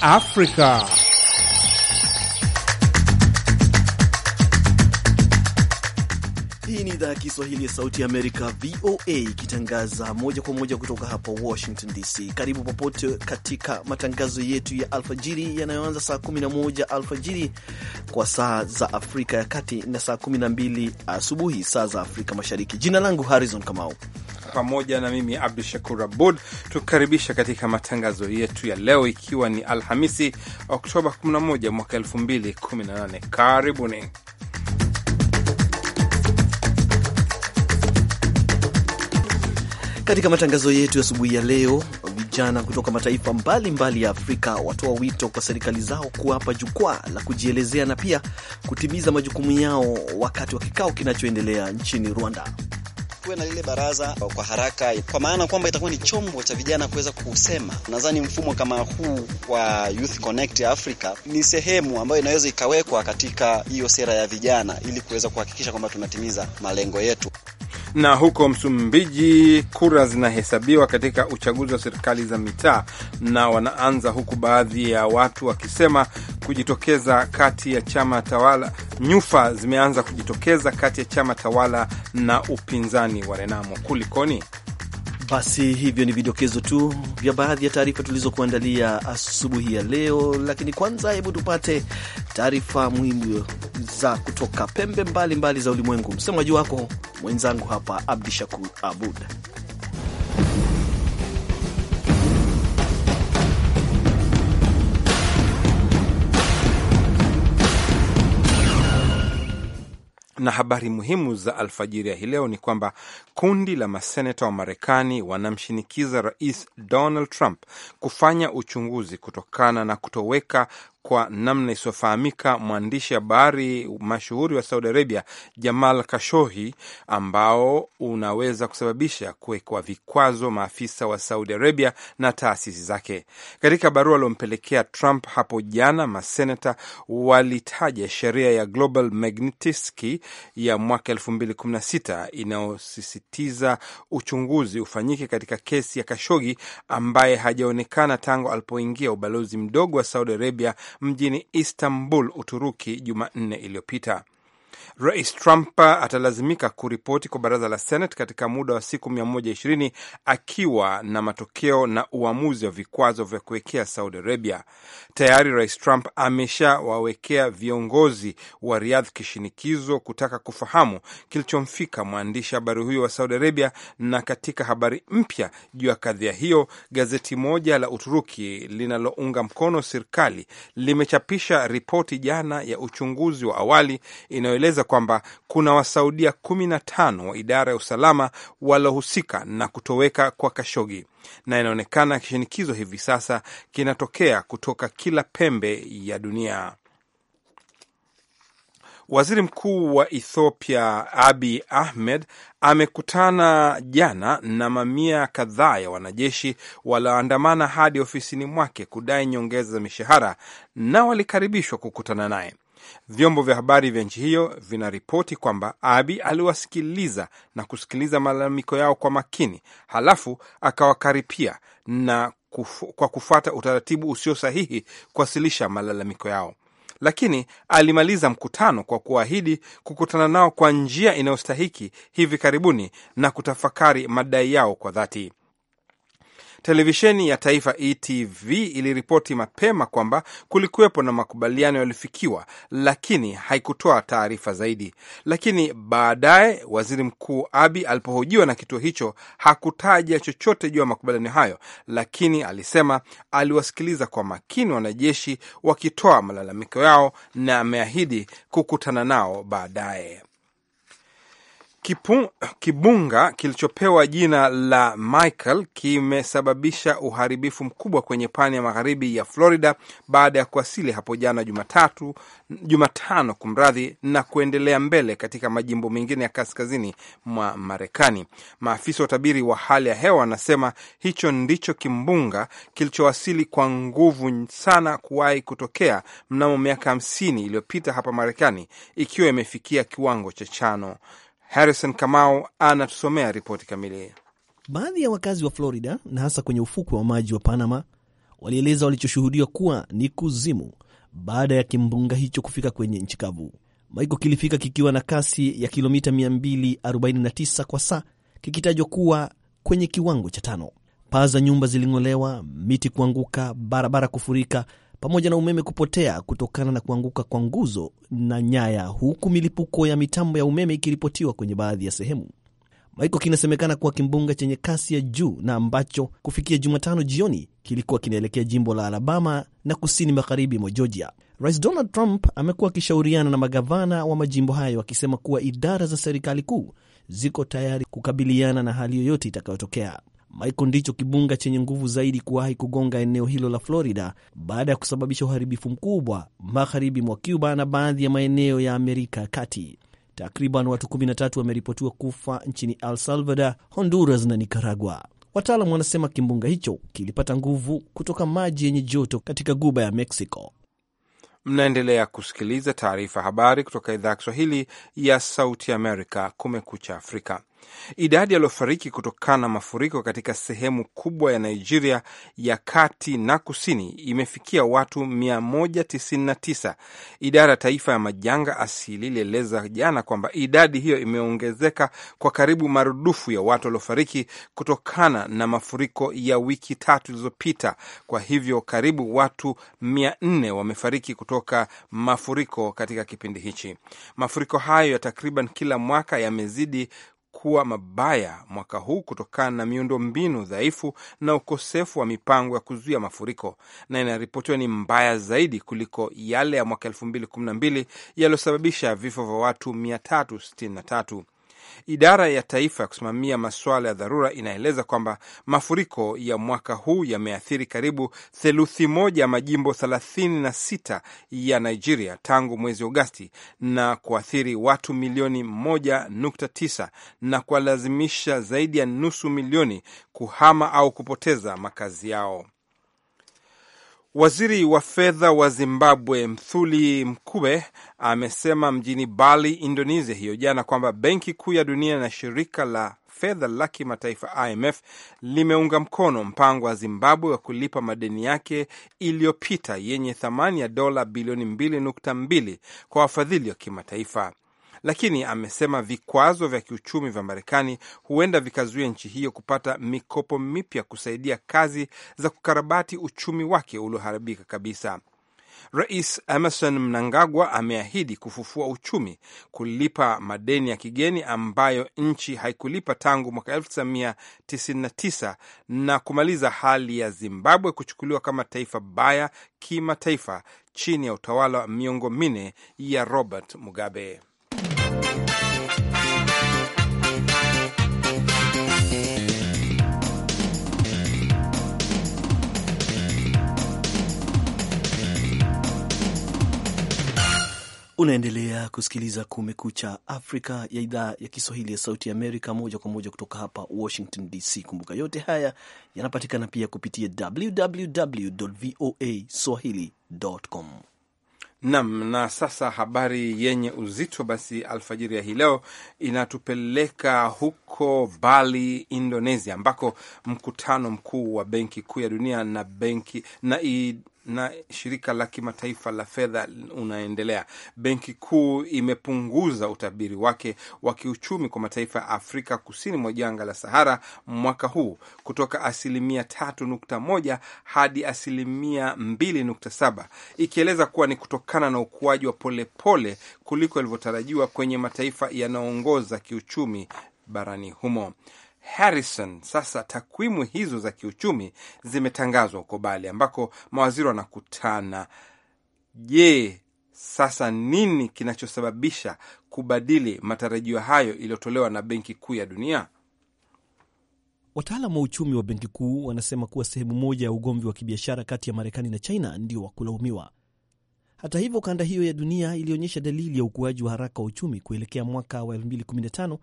Afrika. Hii ni idhaa ya Kiswahili ya Sauti ya Amerika, VOA, ikitangaza moja kwa moja kutoka hapa Washington DC. Karibu popote katika matangazo yetu ya alfajiri yanayoanza saa 11 alfajiri kwa saa za Afrika ya Kati na saa 12 asubuhi saa za Afrika Mashariki. Jina langu Harrison Kamau pamoja na mimi Abdu Shakur Abud, tukukaribisha katika matangazo yetu ya leo, ikiwa ni Alhamisi Oktoba 11 mwaka 2018. Karibuni. Katika matangazo yetu ya asubuhi ya leo, vijana kutoka mataifa mbalimbali mbali ya Afrika watoa wito kwa serikali zao kuwapa jukwaa la kujielezea na pia kutimiza majukumu yao wakati wa kikao kinachoendelea nchini Rwanda kuwe na lile baraza kwa haraka, kwa maana kwamba itakuwa ni chombo cha vijana kuweza kusema. Nadhani mfumo kama huu wa Youth Connect Africa ni sehemu ambayo inaweza ikawekwa katika hiyo sera ya vijana, ili kuweza kuhakikisha kwamba tunatimiza malengo yetu. Na huko Msumbiji, kura zinahesabiwa katika uchaguzi wa serikali za mitaa na wanaanza, huku baadhi ya watu wakisema kujitokeza kati ya chama tawala. Nyufa zimeanza kujitokeza kati ya chama tawala na upinzani wa Renamo. Kulikoni? Basi hivyo ni vidokezo tu vya baadhi ya taarifa tulizokuandalia asubuhi ya leo, lakini kwanza, hebu tupate taarifa muhimu za kutoka pembe mbalimbali mbali za ulimwengu. Msemaji wako mwenzangu hapa Abdi Shakur Abud. Na habari muhimu za alfajiri ya hii leo ni kwamba kundi la maseneta wa Marekani wanamshinikiza Rais Donald Trump kufanya uchunguzi kutokana na kutoweka kwa namna isiyofahamika mwandishi habari mashuhuri wa Saudi Arabia Jamal Kashohi, ambao unaweza kusababisha kuwekwa vikwazo maafisa wa Saudi Arabia na taasisi zake. Katika barua aliompelekea Trump hapo jana, maseneta walitaja sheria ya Global Magnitsky ya mwaka 2016 inayosisitiza uchunguzi ufanyike katika kesi ya Kashogi ambaye hajaonekana tangu alipoingia ubalozi mdogo wa Saudi Arabia mjini Istanbul, Uturuki, Jumanne iliyopita. Rais Trump atalazimika kuripoti kwa baraza la Senate katika muda wa siku 120 akiwa na matokeo na uamuzi wa vikwazo vya kuwekea Saudi Arabia. Tayari Rais Trump ameshawawekea viongozi wa Riyadh kishinikizo kutaka kufahamu kilichomfika mwandishi habari huyo wa Saudi Arabia. Na katika habari mpya juu ya kadhia hiyo, gazeti moja la Uturuki linalounga mkono serikali limechapisha ripoti jana ya uchunguzi wa awali inayoeleza ameongeza kwamba kuna wasaudia kumi na tano wa idara ya usalama walohusika na kutoweka kwa Kashogi, na inaonekana kishinikizo hivi sasa kinatokea kutoka kila pembe ya dunia. Waziri Mkuu wa Ethiopia abi Ahmed amekutana jana na mamia kadhaa ya wanajeshi walioandamana hadi ofisini mwake kudai nyongeza za mishahara na walikaribishwa kukutana naye. Vyombo vya habari vya nchi hiyo vinaripoti kwamba Abi aliwasikiliza na kusikiliza malalamiko yao kwa makini, halafu akawakaripia na kufu, kwa kufuata utaratibu usio sahihi kuwasilisha malalamiko yao lakini alimaliza mkutano kwa kuahidi kukutana nao kwa njia inayostahiki hivi karibuni na kutafakari madai yao kwa dhati. Televisheni ya taifa ETV iliripoti mapema kwamba kulikuwepo na makubaliano yaliyofikiwa, lakini haikutoa taarifa zaidi. Lakini baadaye waziri mkuu Abi alipohojiwa na kituo hicho hakutaja chochote juu ya makubaliano hayo, lakini alisema aliwasikiliza kwa makini wanajeshi wakitoa malalamiko yao na ameahidi kukutana nao baadaye kibunga kilichopewa jina la Michael kimesababisha uharibifu mkubwa kwenye pwani ya magharibi ya Florida baada ya kuwasili hapo jana Jumatatu, Jumatano kumradhi, na kuendelea mbele katika majimbo mengine ya kaskazini mwa Marekani. Maafisa wa utabiri wa hali ya hewa wanasema hicho ndicho kimbunga kilichowasili kwa nguvu sana kuwahi kutokea mnamo miaka hamsini iliyopita hapa Marekani, ikiwa imefikia kiwango cha chano Harrison Kamau anatusomea ripoti kamili. Baadhi ya wakazi wa Florida na hasa kwenye ufukwe wa maji wa Panama walieleza walichoshuhudiwa kuwa ni kuzimu baada ya kimbunga hicho kufika kwenye nchi kavu. Maiko kilifika kikiwa na kasi ya kilomita 249 kwa saa, kikitajwa kuwa kwenye kiwango cha tano. Paa za nyumba ziling'olewa, miti kuanguka, barabara kufurika pamoja na umeme kupotea kutokana na kuanguka kwa nguzo na nyaya, huku milipuko ya mitambo ya umeme ikiripotiwa kwenye baadhi ya sehemu. Maiko kinasemekana kuwa kimbunga chenye kasi ya juu na ambacho kufikia Jumatano jioni kilikuwa kinaelekea jimbo la Alabama na kusini magharibi mwa Georgia. Rais Donald Trump amekuwa akishauriana na magavana wa majimbo hayo akisema kuwa idara za serikali kuu ziko tayari kukabiliana na hali yoyote itakayotokea. Michael ndicho kibunga chenye nguvu zaidi kuwahi kugonga eneo hilo la Florida baada ya kusababisha uharibifu mkubwa magharibi mwa Cuba na baadhi ya maeneo ya Amerika ya Kati. Takriban watu 13 wameripotiwa kufa nchini El Salvador, Honduras na Nicaragua. Wataalam wanasema kimbunga hicho kilipata nguvu kutoka maji yenye joto katika guba ya Mexico. Mnaendelea kusikiliza taarifa habari kutoka idhaa ya Kiswahili ya Sauti Amerika, Kumekucha Afrika. Idadi yaliyofariki kutokana na mafuriko katika sehemu kubwa ya Nigeria ya kati na kusini imefikia watu 199. Idara ya Taifa ya Majanga Asili ilieleza jana kwamba idadi hiyo imeongezeka kwa karibu marudufu ya watu waliofariki kutokana na mafuriko ya wiki tatu zilizopita. Kwa hivyo karibu watu 400 wamefariki kutoka mafuriko katika kipindi hichi. Mafuriko hayo ya takriban kila mwaka yamezidi kuwa mabaya mwaka huu kutokana na miundo mbinu dhaifu na ukosefu wa mipango ya kuzuia mafuriko, na inaripotiwa ni mbaya zaidi kuliko yale ya mwaka 2012 yaliyosababisha vifo vya watu 363. Idara ya Taifa ya kusimamia masuala ya dharura inaeleza kwamba mafuriko ya mwaka huu yameathiri karibu theluthi moja ya majimbo 36 ya Nigeria tangu mwezi Agosti na kuathiri watu milioni 1.9 na kuwalazimisha zaidi ya nusu milioni kuhama au kupoteza makazi yao. Waziri wa fedha wa Zimbabwe Mthuli Mkube amesema mjini Bali, Indonesia hiyo jana kwamba Benki Kuu ya Dunia na shirika la fedha la kimataifa IMF limeunga mkono mpango wa Zimbabwe wa kulipa madeni yake iliyopita yenye thamani ya dola bilioni 2.2 kwa wafadhili wa kimataifa lakini amesema vikwazo vya kiuchumi vya Marekani huenda vikazuia nchi hiyo kupata mikopo mipya kusaidia kazi za kukarabati uchumi wake ulioharibika kabisa. Rais Emerson Mnangagwa ameahidi kufufua uchumi, kulipa madeni ya kigeni ambayo nchi haikulipa tangu mwaka 1999 na kumaliza hali ya Zimbabwe kuchukuliwa kama taifa baya kimataifa chini ya utawala wa miongo minne ya Robert Mugabe. Unaendelea kusikiliza Kumekucha Afrika ya idhaa ya Kiswahili ya Sauti Amerika, moja kwa moja kutoka hapa Washington DC. Kumbuka yote haya yanapatikana pia kupitia www voa swahili.com. Nam na sasa, habari yenye uzito basi alfajiri ya hii leo inatupeleka huko Bali, Indonesia, ambako mkutano mkuu wa Benki Kuu ya Dunia na benki na na shirika la kimataifa la fedha unaendelea. Benki Kuu imepunguza utabiri wake wa kiuchumi kwa mataifa ya Afrika kusini mwa jangwa la Sahara mwaka huu kutoka asilimia 3.1 hadi asilimia 27 ikieleza kuwa ni kutokana na ukuaji wa polepole pole kuliko ilivyotarajiwa kwenye mataifa yanayoongoza kiuchumi barani humo. Harrison. Sasa takwimu hizo za kiuchumi zimetangazwa huko Bali ambako mawaziri wanakutana. Je, sasa nini kinachosababisha kubadili matarajio hayo iliyotolewa na Benki Kuu ya Dunia? wataalam wa uchumi wa benki kuu wanasema kuwa sehemu moja ya ugomvi wa kibiashara kati ya Marekani na China ndio wa kulaumiwa. Hata hivyo, kanda hiyo ya dunia ilionyesha dalili ya ukuaji wa haraka wa uchumi kuelekea mwaka wa 215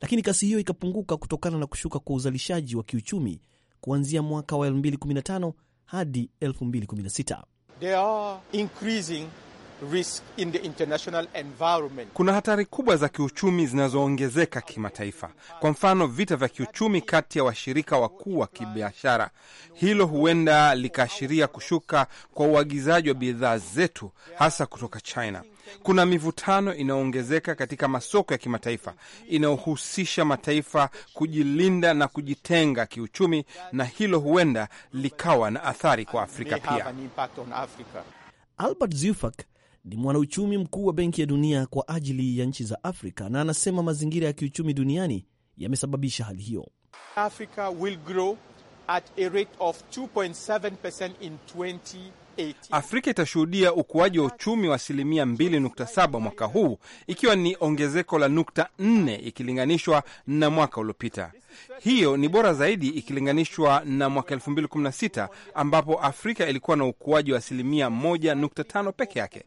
lakini kasi hiyo ikapunguka kutokana na kushuka kwa uzalishaji wa kiuchumi kuanzia mwaka wa 2015 hadi 2016. are increasing risk in the international environment. Kuna hatari kubwa za kiuchumi zinazoongezeka kimataifa, kwa mfano vita vya kiuchumi kati ya washirika wakuu wa kibiashara. Hilo huenda likaashiria kushuka kwa uagizaji wa bidhaa zetu hasa kutoka China kuna mivutano inayoongezeka katika masoko ya kimataifa inayohusisha mataifa kujilinda na kujitenga kiuchumi, na hilo huenda likawa na athari kwa Afrika pia. Albert Zufak ni mwanauchumi mkuu wa Benki ya Dunia kwa ajili ya nchi za Afrika, na anasema mazingira ya kiuchumi duniani yamesababisha hali hiyo. Africa will grow at a rate of 2.7% in Afrika itashuhudia ukuaji wa uchumi wa asilimia 2.7 mwaka huu, ikiwa ni ongezeko la nukta 4 ikilinganishwa na mwaka uliopita. Hiyo ni bora zaidi ikilinganishwa na mwaka 2016 ambapo Afrika ilikuwa na ukuaji wa asilimia 1.5 peke yake,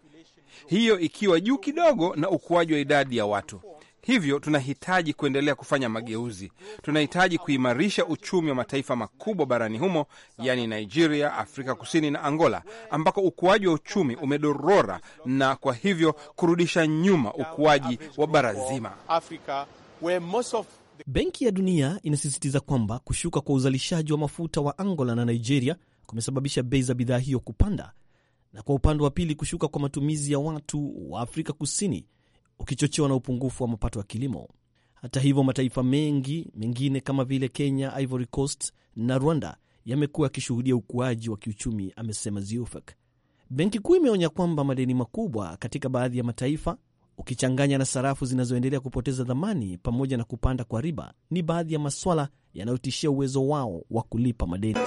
hiyo ikiwa juu kidogo na ukuaji wa idadi ya watu. Hivyo tunahitaji kuendelea kufanya mageuzi. Tunahitaji kuimarisha uchumi wa mataifa makubwa barani humo, yaani Nigeria, Afrika Kusini na Angola, ambako ukuaji wa uchumi umedorora na kwa hivyo kurudisha nyuma ukuaji wa bara zima. Benki ya Dunia inasisitiza kwamba kushuka kwa uzalishaji wa mafuta wa Angola na Nigeria kumesababisha bei za bidhaa hiyo kupanda, na kwa upande wa pili kushuka kwa matumizi ya watu wa Afrika Kusini ukichochewa na upungufu wa mapato ya kilimo. Hata hivyo, mataifa mengi mengine kama vile Kenya, Ivory Coast na Rwanda yamekuwa yakishuhudia ukuaji wa kiuchumi, amesema Ziufek. Benki Kuu imeonya kwamba madeni makubwa katika baadhi ya mataifa ukichanganya na sarafu zinazoendelea kupoteza dhamani pamoja na kupanda kwa riba ni baadhi ya maswala yanayotishia uwezo wao wa kulipa madeni.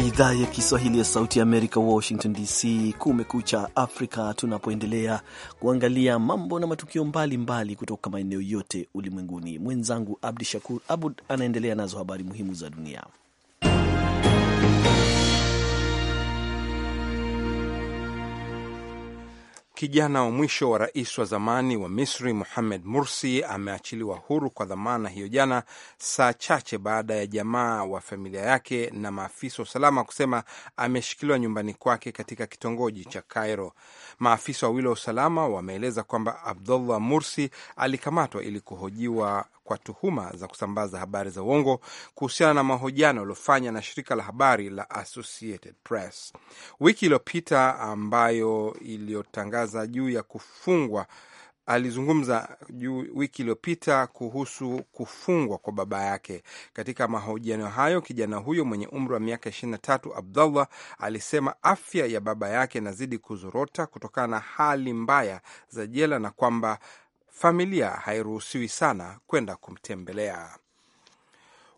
idhaa ya Kiswahili ya Sauti Amerika, Washington DC. Kumekucha Afrika, tunapoendelea kuangalia mambo na matukio mbalimbali mbali kutoka maeneo yote ulimwenguni. Mwenzangu Abdi Shakur Abud anaendelea nazo habari muhimu za dunia. Kijana wa mwisho wa rais wa zamani wa Misri Mohamed Mursi ameachiliwa huru kwa dhamana hiyo jana, saa chache baada ya jamaa wa familia yake na maafisa wa usalama kusema ameshikiliwa nyumbani kwake katika kitongoji cha Cairo. Maafisa wawili wa usalama wameeleza kwamba Abdullah Mursi alikamatwa ili kuhojiwa kwa tuhuma za kusambaza habari za uongo kuhusiana na mahojiano yaliyofanya na shirika la habari la Associated Press wiki iliyopita, ambayo iliyotangaza juu ya kufungwa Alizungumza juu wiki iliyopita kuhusu kufungwa kwa baba yake. Katika mahojiano hayo, kijana huyo mwenye umri wa miaka 23, Abdullah alisema afya ya baba yake inazidi kuzorota kutokana na hali mbaya za jela na kwamba familia hairuhusiwi sana kwenda kumtembelea.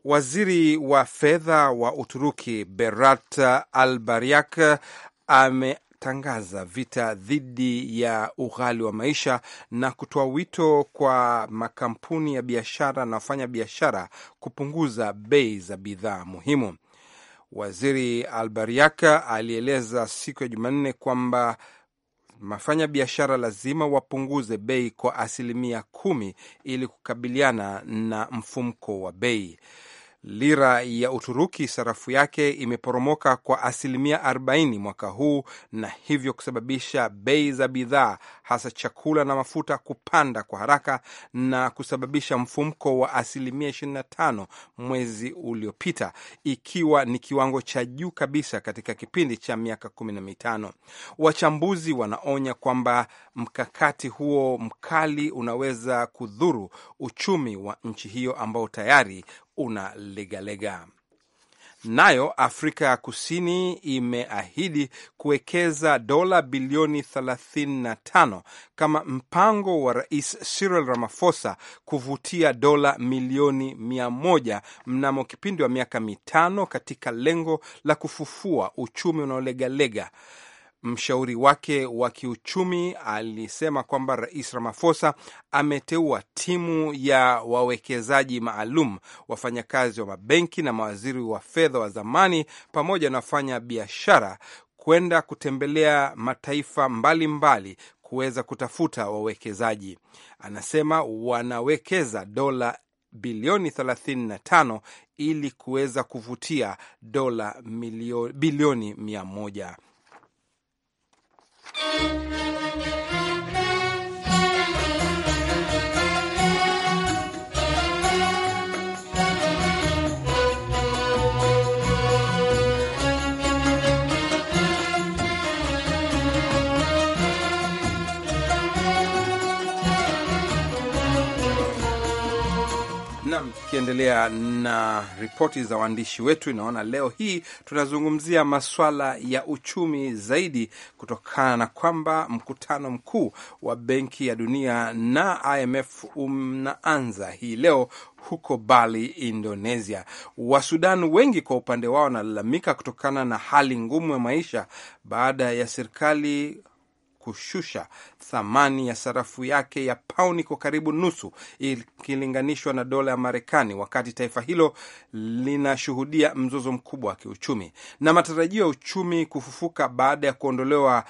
Waziri wa fedha wa Uturuki Berat Albayrak ame tangaza vita dhidi ya ughali wa maisha na kutoa wito kwa makampuni ya biashara na wafanya biashara kupunguza bei za bidhaa muhimu. Waziri Albariaka alieleza siku ya Jumanne kwamba mafanya biashara lazima wapunguze bei kwa asilimia kumi ili kukabiliana na mfumko wa bei. Lira ya Uturuki sarafu yake imeporomoka kwa asilimia 40 mwaka huu na hivyo kusababisha bei za bidhaa hasa chakula na mafuta kupanda kwa haraka na kusababisha mfumko wa asilimia 25 mwezi uliopita, ikiwa ni kiwango cha juu kabisa katika kipindi cha miaka 15. Wachambuzi wanaonya kwamba mkakati huo mkali unaweza kudhuru uchumi wa nchi hiyo ambao tayari unalegalega. Nayo Afrika ya Kusini imeahidi kuwekeza dola bilioni 35 kama mpango wa Rais Cyril Ramaphosa kuvutia dola milioni 100 mnamo kipindi wa miaka mitano katika lengo la kufufua uchumi unaolegalega Mshauri wake wa kiuchumi alisema kwamba Rais Ramaphosa ameteua timu ya wawekezaji maalum, wafanyakazi wa mabenki na mawaziri wa fedha wa zamani pamoja na wafanya biashara kwenda kutembelea mataifa mbalimbali mbali kuweza kutafuta wawekezaji. Anasema wanawekeza dola bilioni 35 ili kuweza kuvutia dola bilioni moja Música tukiendelea na ripoti za waandishi wetu, inaona leo hii tunazungumzia maswala ya uchumi zaidi, kutokana na kwamba mkutano mkuu wa Benki ya Dunia na IMF unaanza hii leo huko Bali, Indonesia. Wasudan wengi kwa upande wao wanalalamika kutokana na hali ngumu ya maisha baada ya serikali kushusha thamani ya sarafu yake ya pauni kwa karibu nusu ikilinganishwa na dola ya Marekani, wakati taifa hilo linashuhudia mzozo mkubwa wa kiuchumi na matarajio ya uchumi kufufuka baada ya kuondolewa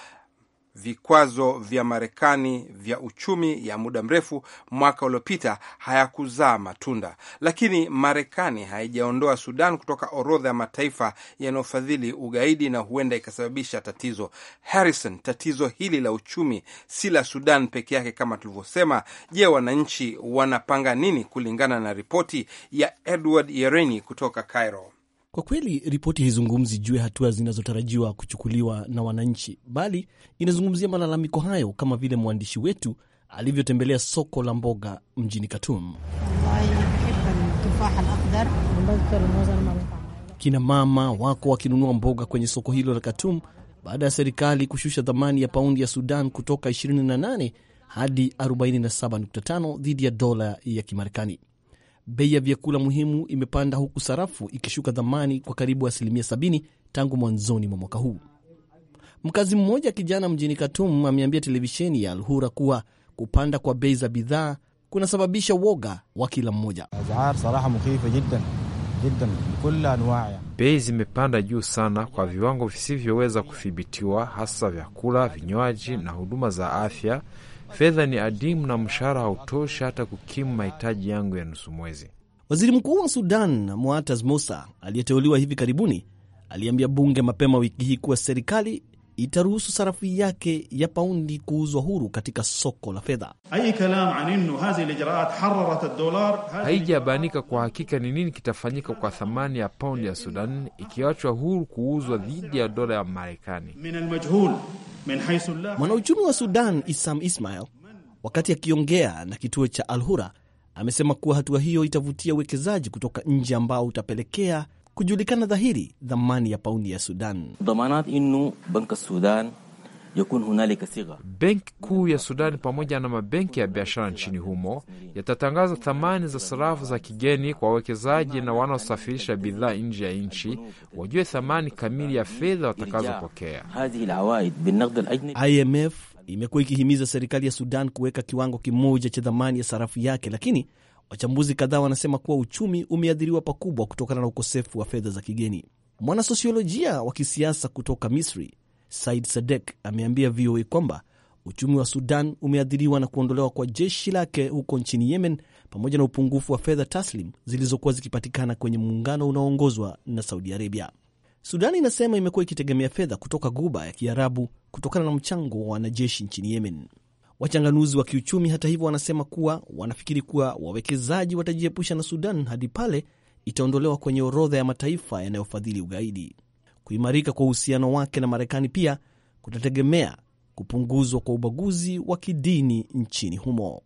vikwazo vya Marekani vya uchumi ya muda mrefu mwaka uliopita hayakuzaa matunda, lakini Marekani haijaondoa Sudan kutoka orodha ya mataifa yanayofadhili ugaidi na huenda ikasababisha tatizo. Harrison, tatizo hili la uchumi si la Sudan peke yake kama tulivyosema. Je, wananchi wanapanga nini kulingana na ripoti ya Edward Yereni kutoka Cairo? Kwa kweli ripoti haizungumzi juu ya hatua zinazotarajiwa kuchukuliwa na wananchi, bali inazungumzia malalamiko hayo, kama vile mwandishi wetu alivyotembelea soko la mboga mjini katum Kina mama wako wakinunua mboga kwenye soko hilo la katum baada ya serikali kushusha thamani ya paundi ya Sudan kutoka 28 hadi 47.5 dhidi ya dola ya Kimarekani. Bei ya vyakula muhimu imepanda huku sarafu ikishuka dhamani kwa karibu asilimia 70 tangu mwanzoni mwa mwaka huu. Mkazi mmoja kijana mjini Khartoum ameambia televisheni ya Alhura kuwa kupanda kwa bei za bidhaa kunasababisha woga wa kila mmoja. Bei zimepanda juu sana kwa viwango visivyoweza kuthibitiwa hasa vyakula, vinywaji na huduma za afya Fedha ni adimu na mshahara hautoshi hata kukimu mahitaji yangu ya nusu mwezi. Waziri Mkuu wa Sudan Muatas Musa aliyeteuliwa hivi karibuni aliambia bunge mapema wiki hii kuwa serikali itaruhusu sarafu yake ya paundi kuuzwa huru katika soko la fedha. Haijabainika kwa hakika ni nini kitafanyika kwa thamani ya paundi ya Sudan ikiachwa huru kuuzwa dhidi ya dola ya Marekani. Mwanauchumi wa Sudan Isam Ismail, wakati akiongea na kituo cha alhura amesema kuwa hatua hiyo itavutia uwekezaji kutoka nje ambao utapelekea kujulikana dhahiri dhamani ya pauni ya Sudan. Benki Kuu ya Sudani pamoja na mabenki ya biashara nchini humo yatatangaza thamani za sarafu za kigeni kwa wawekezaji na wanaosafirisha bidhaa nje ya nchi wajue thamani kamili ya fedha watakazopokea. IMF imekuwa ikihimiza serikali ya Sudan kuweka kiwango kimoja cha thamani ya sarafu yake, lakini Wachambuzi kadhaa wanasema kuwa uchumi umeathiriwa pakubwa kutokana na ukosefu wa fedha za kigeni. Mwanasosiolojia wa kisiasa kutoka Misri, Said Sadek, ameambia VOA kwamba uchumi wa Sudan umeathiriwa na kuondolewa kwa jeshi lake huko nchini Yemen, pamoja na upungufu wa fedha taslim zilizokuwa zikipatikana kwenye muungano unaoongozwa na Saudi Arabia. Sudan inasema imekuwa ikitegemea fedha kutoka Guba ya Kiarabu kutokana na mchango wa wanajeshi nchini Yemen. Wachanganuzi wa kiuchumi hata hivyo, wanasema kuwa wanafikiri kuwa wawekezaji watajiepusha na Sudan hadi pale itaondolewa kwenye orodha ya mataifa yanayofadhili ugaidi. Kuimarika kwa uhusiano wake na Marekani pia kutategemea kupunguzwa kwa ubaguzi wa kidini nchini humo.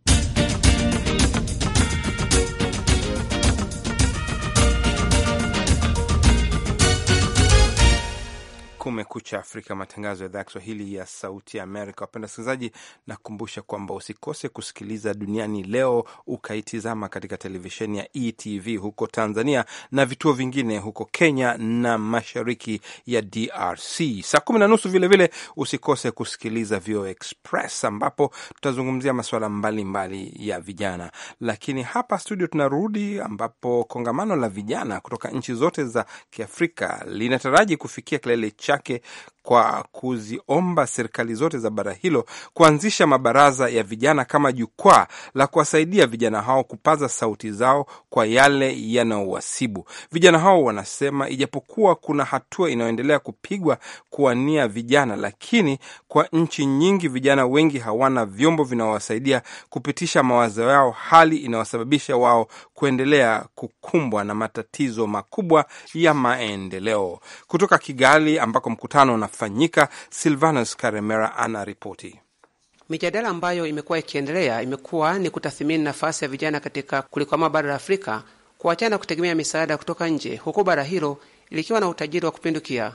Kumekucha Afrika, matangazo ya idhaa ya Kiswahili ya Sauti ya Amerika. Wapenda wasikilizaji, nakumbusha kwamba usikose kusikiliza Duniani Leo ukaitizama katika televisheni ya ETV huko Tanzania na vituo vingine huko Kenya na mashariki ya DRC. Saa kumi na nusu vilevile usikose kusikiliza VOA Express ambapo tutazungumzia masuala mbalimbali ya vijana. Lakini hapa studio tunarudi, ambapo kongamano la vijana kutoka nchi zote za Kiafrika linataraji kufikia kilele cha já que kwa kuziomba serikali zote za bara hilo kuanzisha mabaraza ya vijana kama jukwaa la kuwasaidia vijana hao kupaza sauti zao kwa yale yanaowasibu vijana hao. Wanasema ijapokuwa kuna hatua inayoendelea kupigwa kuwania vijana, lakini kwa nchi nyingi vijana wengi hawana vyombo vinaowasaidia kupitisha mawazo yao, hali inayosababisha wao kuendelea kukumbwa na matatizo makubwa ya maendeleo. Kutoka Kigali ambako mkutano na inafanyika. Silvanus Karemera anaripoti. Mijadala ambayo imekuwa ikiendelea imekuwa ni kutathimini nafasi ya vijana katika kulikwama bara la Afrika, kuachana kutegemea misaada kutoka nje, huku bara hilo likiwa na utajiri wa kupindukia.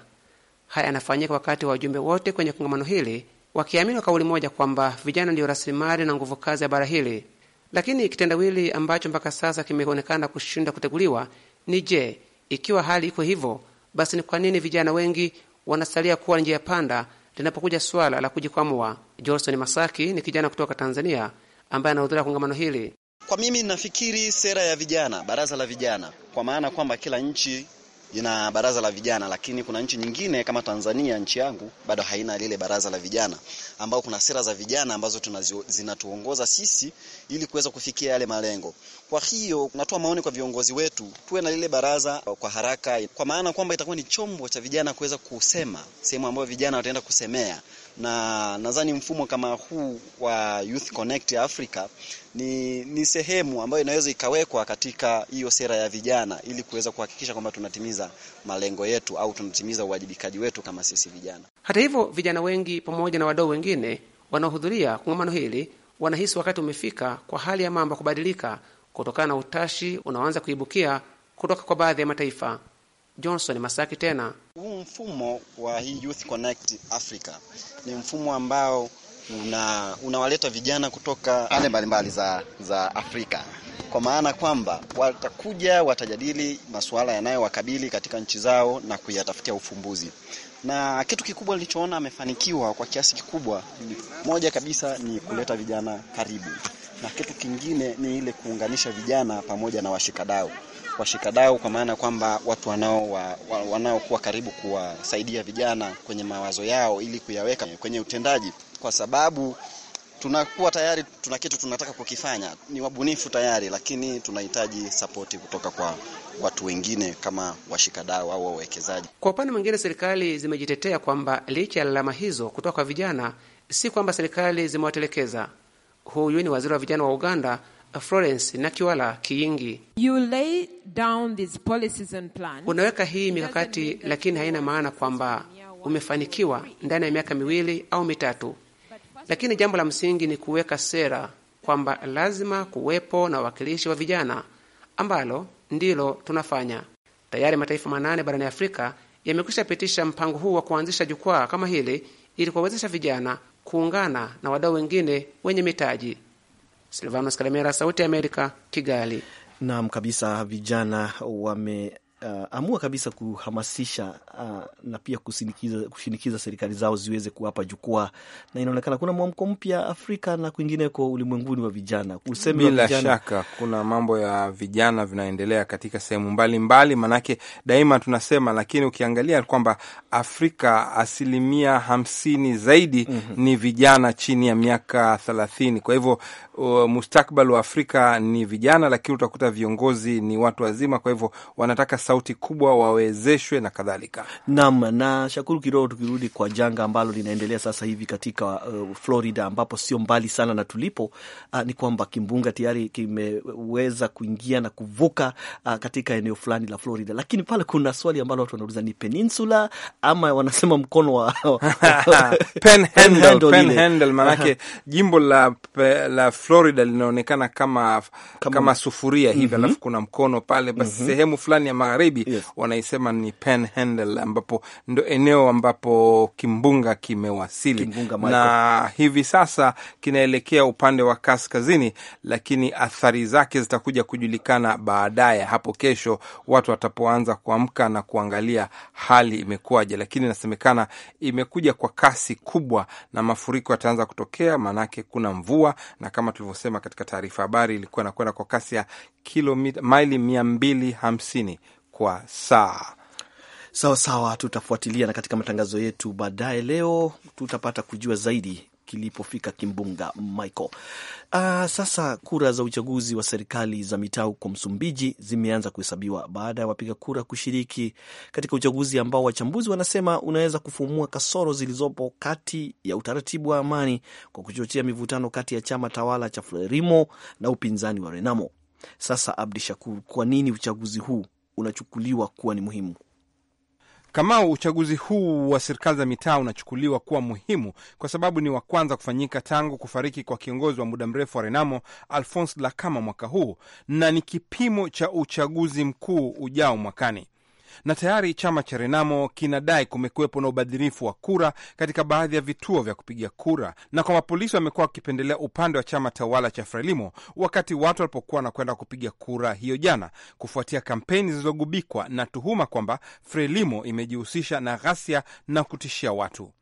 Haya yanafanyika wakati wa wajumbe wote kwenye kongamano hili wakiamini kauli moja kwamba vijana ndiyo rasilimali na nguvu kazi ya bara hili. Lakini kitendawili ambacho mpaka sasa kimeonekana kushindwa kuteguliwa ni je, ikiwa hali iko hivyo, basi ni kwa nini vijana wengi wanasalia kuwa njia panda linapokuja swala la kujikwamua. Johnson Masaki ni kijana kutoka Tanzania ambaye anahudhuria kongamano hili. Kwa mimi nafikiri sera ya vijana, baraza la vijana, kwa maana kwamba kila nchi ina baraza la vijana, lakini kuna nchi nyingine kama Tanzania, nchi yangu, bado haina lile baraza la vijana, ambao kuna sera za vijana ambazo tunazo, zinatuongoza sisi ili kuweza kufikia yale malengo. Kwa hiyo natoa maoni kwa viongozi wetu, tuwe na lile baraza kwa haraka, kwa maana kwamba itakuwa ni chombo cha vijana kuweza kusema, sehemu ambayo vijana wataenda kusemea, na nadhani mfumo kama huu wa Youth Connect Africa ni, ni sehemu ambayo inaweza ikawekwa katika hiyo sera ya vijana ili kuweza kuhakikisha kwamba tunatimiza malengo yetu au tunatimiza uwajibikaji wetu kama sisi vijana. Hata hivyo, vijana wengi pamoja na wadau wengine wanaohudhuria kongamano hili wanahisi wakati umefika kwa hali ya mambo kubadilika kutokana na utashi unaoanza kuibukia kutoka kwa baadhi ya mataifa. Johnson Masaki tena, huu mfumo wa hii Youth Connect Africa ni mfumo ambao una unawaleta vijana kutoka pande mbalimbali za, za Afrika kwa maana kwamba watakuja watajadili masuala yanayowakabili katika nchi zao na kuyatafutia ufumbuzi. Na kitu kikubwa nilichoona amefanikiwa kwa kiasi kikubwa, moja kabisa ni kuleta vijana karibu na kitu kingine ni ile kuunganisha vijana pamoja na washikadau washikadau kwa maana kwamba watu wanao wa, wa, wanaokuwa karibu kuwasaidia vijana kwenye mawazo yao ili kuyaweka kwenye utendaji, kwa sababu tunakuwa tayari tuna kitu tunataka kukifanya, ni wabunifu tayari, lakini tunahitaji sapoti kutoka kwa watu wengine kama washikadau au wawekezaji. Kwa upande mwingine, serikali zimejitetea kwamba licha ya lalama hizo kutoka kwa vijana, si kwamba serikali zimewatelekeza Huyu ni waziri wa vijana wa Uganda, Florence Nakiwala kiingi You lay down these policies and plans. Unaweka hii mikakati, lakini haina maana kwamba umefanikiwa ndani ya miaka miwili au mitatu, lakini jambo la msingi ni kuweka sera kwamba lazima kuwepo na wawakilishi wa vijana, ambalo ndilo tunafanya tayari. Mataifa manane barani Afrika yamekwisha pitisha mpango huu wa kuanzisha jukwaa kama hili ili kuwawezesha vijana kuungana na wadau wengine wenye mitaji. Silvanos Kalemera, Sauti ya Amerika, Kigali. Naam kabisa, vijana wame uh, amua kabisa kuhamasisha uh, na pia kushinikiza, kushinikiza serikali zao ziweze kuwapa jukwaa, na inaonekana kuna mwamko mpya Afrika na kwingineko ulimwenguni wa vijana. Useme bila vijana... shaka kuna mambo ya vijana vinaendelea katika sehemu mbalimbali, manake daima tunasema, lakini ukiangalia kwamba Afrika asilimia hamsini zaidi mm -hmm. ni vijana chini ya miaka thelathini. Kwa hivyo uh, mustakbal wa Afrika ni vijana, lakini utakuta viongozi ni watu wazima, kwa hivyo wanataka sauti kubwa, wawezeshwe na kadhalika. Naam, na Shakuru kidogo tukirudi kwa janga ambalo linaendelea sasa hivi katika uh, Florida ambapo sio mbali sana na tulipo uh, ni kwamba kimbunga tayari kimeweza kuingia na kuvuka uh, katika eneo fulani la Florida, lakini pale kuna swali ambalo watu wanauliza ni peninsula ama wanasema mkono wa Penhandle, Penhandle manake jimbo la, la Florida linaonekana kama, kama, kama sufuria hivi, mhm. alafu kuna mkono pale basi, mm -hmm. sehemu fulani ya magharibi magharibi yes. wanaisema ni Panhandle, ambapo ndo eneo ambapo kimbunga kimewasili kimbunga, na hivi sasa kinaelekea upande wa kaskazini, lakini athari zake zitakuja kujulikana baadaye hapo kesho, watu watapoanza kuamka na kuangalia hali imekuwaje, lakini inasemekana imekuja kwa kasi kubwa na mafuriko yataanza kutokea, maanake kuna mvua, na kama tulivyosema katika taarifa habari, ilikuwa inakwenda kwa kasi ya kilomita maili mia mbili hamsini kwa saa. Sawa sawa, tutafuatilia na katika matangazo yetu baadaye leo tutapata kujua zaidi kilipofika kimbunga Michael. Uh, sasa kura za uchaguzi wa serikali za mitaa huko Msumbiji zimeanza kuhesabiwa baada ya wapiga kura kushiriki katika uchaguzi ambao wachambuzi wanasema unaweza kufumua kasoro zilizopo kati ya utaratibu wa amani kwa kuchochea mivutano kati ya chama tawala cha Frelimo na upinzani wa Renamo. Sasa Abdi Shakur, kwa nini uchaguzi huu unachukuliwa kuwa ni muhimu? Kama uchaguzi huu wa serikali za mitaa unachukuliwa kuwa muhimu kwa sababu ni wa kwanza kufanyika tangu kufariki kwa kiongozi wa muda mrefu wa Renamo Alphonse lacama mwaka huu na ni kipimo cha uchaguzi mkuu ujao mwakani na tayari chama cha Renamo kinadai kumekuwepo na ubadhirifu wa kura katika baadhi ya vituo vya kupiga kura na kwamba polisi wamekuwa wakipendelea upande wa chama tawala cha Frelimo wakati watu walipokuwa wanakwenda kupiga kura hiyo jana, kufuatia kampeni zilizogubikwa na tuhuma kwamba Frelimo imejihusisha na ghasia na kutishia watu.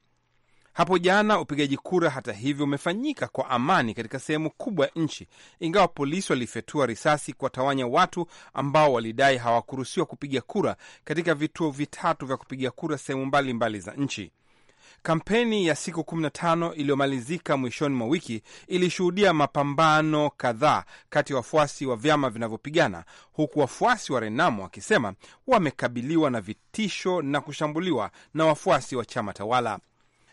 Hapo jana upigaji kura hata hivyo umefanyika kwa amani katika sehemu kubwa ya nchi, ingawa polisi walifyatua risasi kuwatawanya watu ambao walidai hawakuruhusiwa kupiga kura katika vituo vitatu vya kupiga kura sehemu mbalimbali za nchi. Kampeni ya siku 15 iliyomalizika mwishoni mwa wiki ilishuhudia mapambano kadhaa kati ya wafuasi wa vyama vinavyopigana, huku wafuasi wa Renamo wakisema wamekabiliwa na vitisho na kushambuliwa na wafuasi wa chama tawala.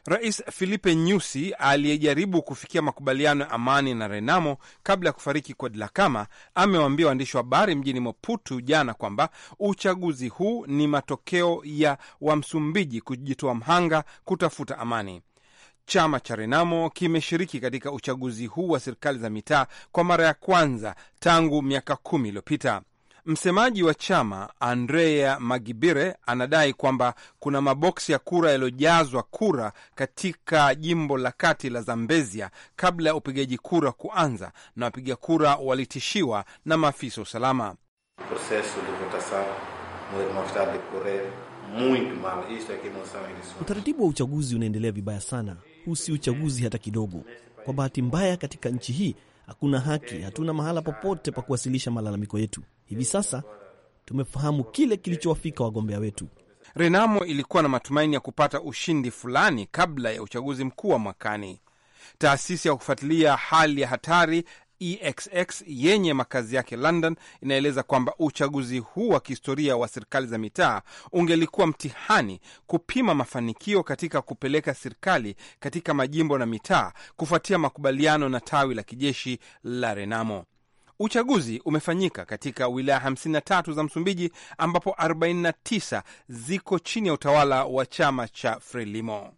Rais Filipe Nyusi aliyejaribu kufikia makubaliano ya amani na Renamo kabla ya kufariki kwa Dhlakama amewaambia waandishi wa habari mjini moputu jana kwamba uchaguzi huu ni matokeo ya Wamsumbiji kujitoa mhanga kutafuta amani. Chama cha Renamo kimeshiriki katika uchaguzi huu wa serikali za mitaa kwa mara ya kwanza tangu miaka kumi iliyopita. Msemaji wa chama Andrea Magibire anadai kwamba kuna maboksi ya kura yaliyojazwa kura katika jimbo la kati la Zambezia kabla ya upigaji kura kuanza, na wapiga kura walitishiwa na maafisa wa usalama. Utaratibu wa uchaguzi unaendelea vibaya sana. Huu si uchaguzi hata kidogo. Kwa bahati mbaya, katika nchi hii hakuna haki, hatuna mahala popote pa kuwasilisha malalamiko yetu. Hivi sasa tumefahamu kile kilichowafika wagombea wetu. Renamo ilikuwa na matumaini ya kupata ushindi fulani kabla ya uchaguzi mkuu wa mwakani. Taasisi ya kufuatilia hali ya hatari EXX yenye makazi yake London inaeleza kwamba uchaguzi huu wa kihistoria wa serikali za mitaa ungelikuwa mtihani kupima mafanikio katika kupeleka serikali katika majimbo na mitaa kufuatia makubaliano na tawi la kijeshi la Renamo. Uchaguzi umefanyika katika wilaya 53 za Msumbiji ambapo 49 ziko chini ya utawala wa chama cha Frelimo.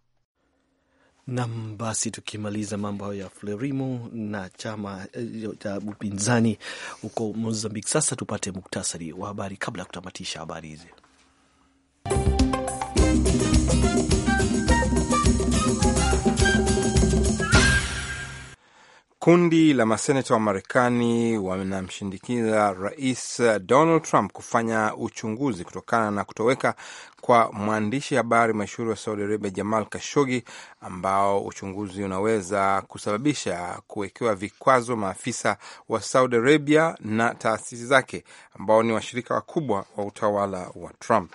Nam, basi tukimaliza mambo hayo ya Frelimo na chama eh, cha upinzani huko Mozambique, sasa tupate muktasari wa habari kabla ya kutamatisha habari hizi. Kundi la maseneta wa Marekani wanamshindikiza Rais Donald Trump kufanya uchunguzi kutokana na kutoweka kwa mwandishi habari mashuhuri wa Saudi Arabia Jamal Kashogi, ambao uchunguzi unaweza kusababisha kuwekewa vikwazo maafisa wa Saudi Arabia na taasisi zake ambao ni washirika wakubwa wa utawala wa Trump.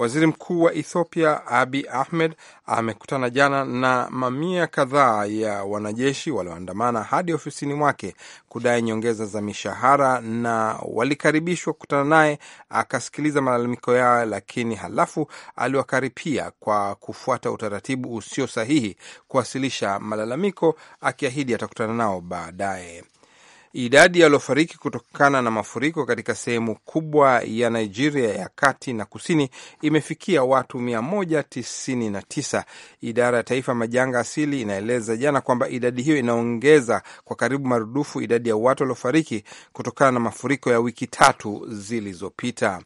Waziri mkuu wa Ethiopia Abi Ahmed amekutana jana na mamia kadhaa ya wanajeshi walioandamana hadi ofisini mwake kudai nyongeza za mishahara, na walikaribishwa kukutana naye, akasikiliza malalamiko yao, lakini halafu aliwakaripia kwa kufuata utaratibu usio sahihi kuwasilisha malalamiko, akiahidi atakutana nao baadaye. Idadi yaliofariki kutokana na mafuriko katika sehemu kubwa ya Nigeria ya kati na kusini imefikia watu 199. Idara ya Taifa Majanga Asili inaeleza jana kwamba idadi hiyo inaongeza kwa karibu marudufu idadi ya watu waliofariki kutokana na mafuriko ya wiki tatu zilizopita.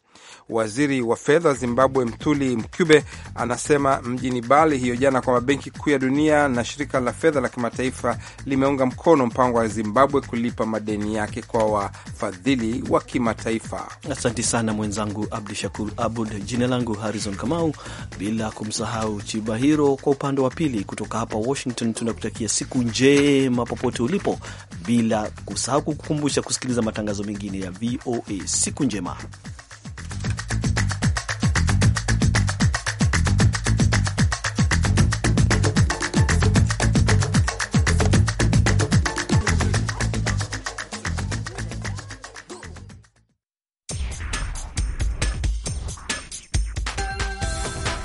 Waziri wa fedha Zimbabwe Mthuli Mkube anasema mjini Bali hiyo jana kwamba Benki Kuu ya Dunia na Shirika la Fedha la Kimataifa limeunga mkono mpango wa Zimbabwe kulipa madeni yake kwa wafadhili wa kimataifa. Asante sana mwenzangu Abdu Shakur Abud. Jina langu Harrison Kamau, bila kumsahau Chibahiro kwa upande wa pili. Kutoka hapa Washington tunakutakia siku njema popote ulipo, bila kusahau kukukumbusha kusikiliza matangazo mengine ya VOA. Siku njema.